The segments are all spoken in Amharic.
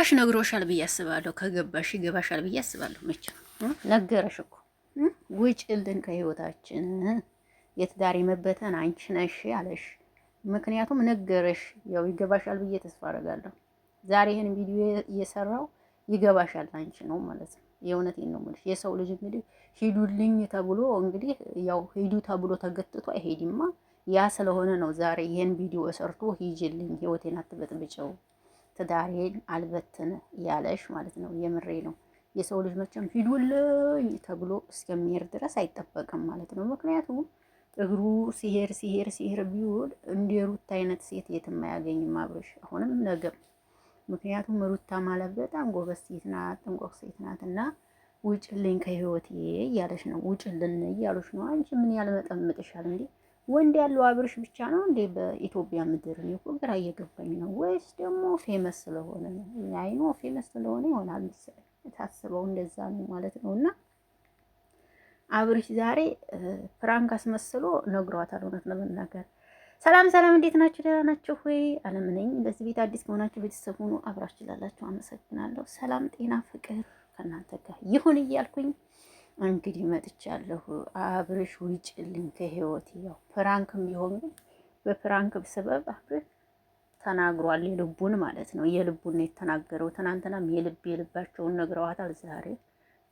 ከገባሽ ነግሮሻል ብዬ አስባለሁ። ከገባሽ ይገባሻል ብዬ አስባለሁ። መቼ ነገረሽ እኮ ውጭልን ከህይወታችን የትዳር መበተን አንቺ ነሽ አለሽ። ምክንያቱም ነገረሽ። ያው ይገባሻል ብዬ ተስፋ አደርጋለሁ። ዛሬ ይህን ቪዲዮ እየሰራው ይገባሻል አንቺ ነው ማለት ነው። የእውነቴን ነው የምልሽ። የሰው ልጅ እንግዲህ ሂዱልኝ ተብሎ እንግዲህ ያው ሂዱ ተብሎ ተገትቶ አይሄድማ። ያ ስለሆነ ነው ዛሬ ይህን ቪዲዮ ሰርቶ ሂጅልኝ፣ ህይወቴን አትበጥብጨው ትዳሬን አልበትን ያለሽ ማለት ነው። የምሬ ነው። የሰው ልጅ መቼም ሂዱልኝ ተብሎ እስከሚሄድ ድረስ አይጠበቅም ማለት ነው። ምክንያቱም እግሩ ሲሄድ ሲሄድ ሲሄድ ቢውል እንደ ሩታ አይነት ሴት የትም አያገኝም አብርሽ፣ አሁንም ነገም። ምክንያቱም ሩታ ማለት በጣም ጎበዝ ሴት ናት፣ ጥንቆቅ ሴት ናት እና ውጭልኝ ከህይወቴ እያለች ነው። ውጭልን እያሉች ነው። አንቺ ምን ያልመጠምጥሻል እንዴ? ወንድ ያለው አብርሽ ብቻ ነው እንዴ በኢትዮጵያ ምድር? እኔ እኮ ግራ እየገባኝ ነው። ወይስ ደግሞ ፌመስ ስለሆነ ነው? አይኖ ፌመስ ስለሆነ ይሆናል መሰለኝ ታስበው፣ እንደዛ ነው ማለት ነው። እና አብርሽ ዛሬ ፍራንክ አስመስሎ ነግሯታል። እውነት ለመናገር ሰላም ሰላም፣ እንዴት ናችሁ? ደህና ናችሁ ወይ? አለም ነኝ። በዚህ ቤት አዲስ ከሆናችሁ ቤተሰብ ሁኑ። አብራችሁ ላላችሁ አመሰግናለሁ። ሰላም ጤና፣ ፍቅር ከእናንተ ጋር ይሁን እያልኩኝ እንግዲህ መጥቻለሁ። አብርሽ ውጭልኝ ከህይወት። ያው ፕራንክም ቢሆን ግን በፕራንክ ሰበብ አብርሽ ተናግሯል። የልቡን ማለት ነው። የልቡን ነው የተናገረው። ትናንትናም የልብ የልባቸውን ነግረዋታል። ዛሬ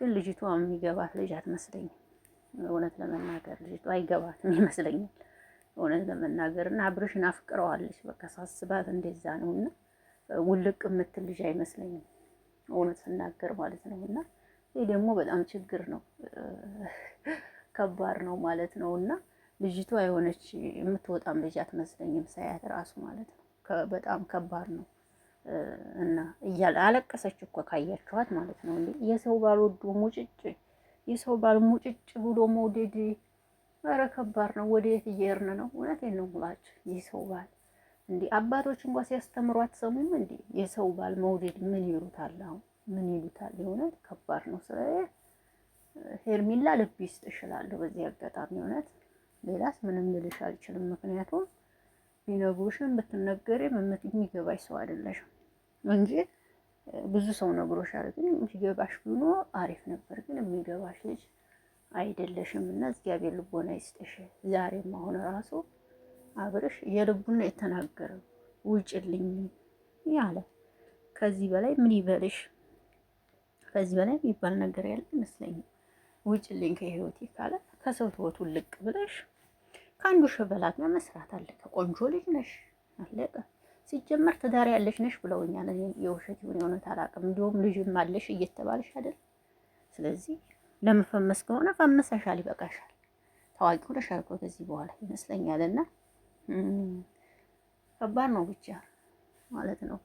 ግን ልጅቷ የሚገባት ልጅ አትመስለኝም። እውነት ለመናገር ልጅቷ አይገባትም ይመስለኛል። እውነት ለመናገር እና አብርሽን አፍቅረዋለች። በቃ ሳስባት እንደዛ ነው። እና ውልቅ የምትል ልጅ አይመስለኝም እውነት ስናገር ማለት ነው እና ይህ ደግሞ በጣም ችግር ነው፣ ከባድ ነው ማለት ነው። እና ልጅቷ የሆነች የምትወጣም ልጅ አትመስለኝም ሳያት ራሱ ማለት ነው። በጣም ከባድ ነው። እና እያለ አለቀሰች እኮ ካያችኋት ማለት ነው። እንዴ የሰው ወዶ ሙጭጭ የሰው ባል ሙጭጭ ብሎ መውደድ ኧረ ከባድ ነው። ወደ የት እየሄድን ነው? እውነቴን ነው የምላችሁ። የሰው ባል እንዴ አባቶች እንኳ ሲያስተምሩ አትሰሙም እንዴ? የሰው ባል መውደድ ምን ይሉታል አሁን ምን ይሉታል? የእውነት ከባድ ነው። ስለ ሄርሚላ ልብ ይስጥ እችላለሁ። በዚህ አጋጣሚ እውነት ሌላስ ምንም ልልሽ አልችልም። ምክንያቱም ቢነግሩሽም ብትነገሪም የሚገባሽ ሰው አይደለሽም እንጂ ብዙ ሰው ነግሮሻል፣ ግን የሚገባሽ ቢኖ አሪፍ ነበር። ግን የሚገባሽ ልጅ አይደለሽም እና እግዚአብሔር ልቦና ይስጥሽ። ዛሬም አሁን ራሱ አብርሽ የልቡና የተናገረው ውጭልኝ ያለ ከዚህ በላይ ምን ይበልሽ? ከዚህ በላይ የሚባል ነገር ያለ ይመስለኛል። ውጭልኝ ከህይወቴ ካለ ከሰው ህይወቱ ልቅ ብለሽ ከአንዱ ሸበላት መስራት አለ። ከቆንጆ ልጅ ነሽ አለቀ። ሲጀመር ትዳር ያለሽ ነሽ ብለውኛል። የውሸት ይሁን የእውነት አላውቅም። እንዲሁም ልጅም አለሽ እየተባለሽ አይደል? ስለዚህ ለመፈመስ ከሆነ ፈመሰሻል፣ ይበቃሻል። ታዋቂ ሆነሻል ከዚህ በኋላ ይመስለኛልና ከባድ ነው ብቻ ማለት ነው።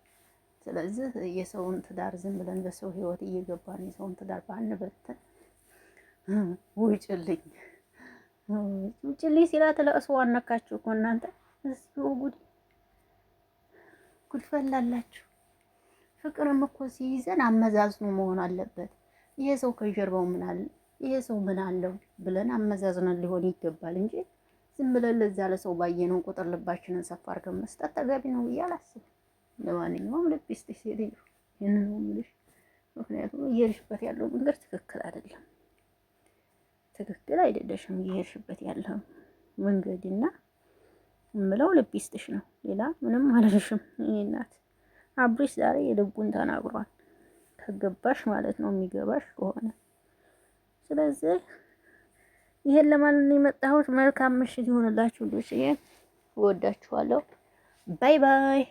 ስለዚህ የሰውን ትዳር ዝም ብለን በሰው ህይወት እየገባን የሰውን ትዳር ባንበትን። ውጭልኝ ውጭልኝ ሲላት ለእሱ አነካችሁ እኮ እናንተ እዚሁ ጉድ ጉድፈላላችሁ ፍቅርም እኮ ሲይዘን አመዛዝኖ መሆን አለበት። ይሄ ሰው ከጀርባው ምን አለ፣ ይሄ ሰው ምን አለው ብለን አመዛዝነን ሊሆን ይገባል እንጂ ዝም ብለን ለዛ ለሰው ባየነው ቁጥር ልባችንን ሰፋ አድርገን መስጠት ተገቢ ነው ብዬ አላስብም። ለማንኛውም ልብ ይስጥሽ ሴትዮ፣ ይህንን ነው የምልሽ። ምክንያቱም እየሄድሽበት ያለው መንገድ ትክክል አይደለም፣ ትክክል አይደለሽም። እየሄድሽበት ያለው መንገድና ምለው ልብ ይስጥሽ ነው። ሌላ ምንም አልልሽም። ይሄ እናት ዛሬ የልቡን ተናግሯል። ከገባሽ ማለት ነው የሚገባሽ ከሆነ ስለዚህ ይሄን ለማንን የመጣሁት መልካም ምሽት ይሆንላችሁ። ልጅ እወዳችኋለሁ። ባይ ባይ።